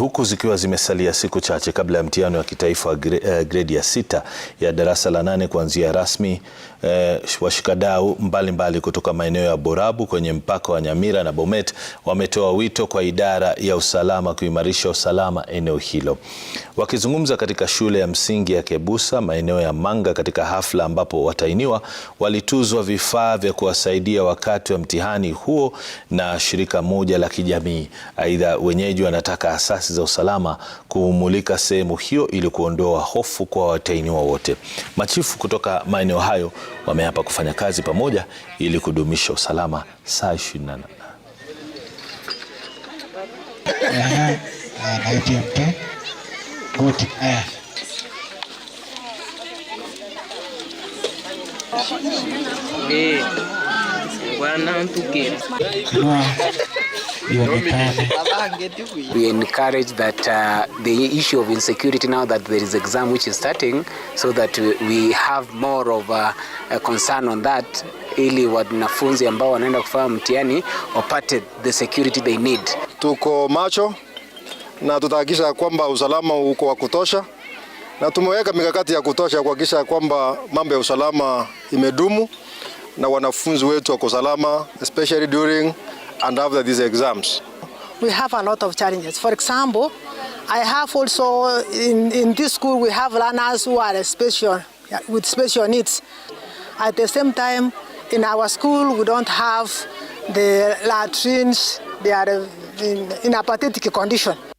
Huku zikiwa zimesalia siku chache kabla ya mtihani wa kitaifa wa eh, gredi ya sita ya darasa la nane kuanzia rasmi, eh, washikadau mbalimbali kutoka maeneo ya Borabu kwenye mpaka wa Nyamira na Bomet wametoa wito kwa idara ya usalama kuimarisha usalama eneo hilo. Wakizungumza katika shule ya msingi ya Kebusa maeneo ya Manga katika hafla ambapo watainiwa walituzwa vifaa vya kuwasaidia wakati wa mtihani huo na shirika moja la kijamii. Aidha, wenyeji wanataka asasi asasi za usalama kumulika sehemu hiyo ili kuondoa hofu kwa watahiniwa wote. Machifu kutoka maeneo hayo wameapa kufanya kazi pamoja ili kudumisha usalama saa 24 ionekane. We encourage that uh, the issue of insecurity now that there is exam which is starting so that we have more of a, a concern on that ili wanafunzi ambao wanaenda kufanya mtihani wapate the security they need. Tuko macho na tutahakikisha kwamba usalama uko wa kutosha na tumeweka mikakati ya kutosha kuhakikisha kwamba mambo ya usalama imedumu na wanafunzi wetu wako salama especially during and after these exams. We have a lot of challenges. For example, I have also in, in this school we have learners who are special with special needs. At the same time, in our school we don't have the latrines. They are in, in a pathetic condition.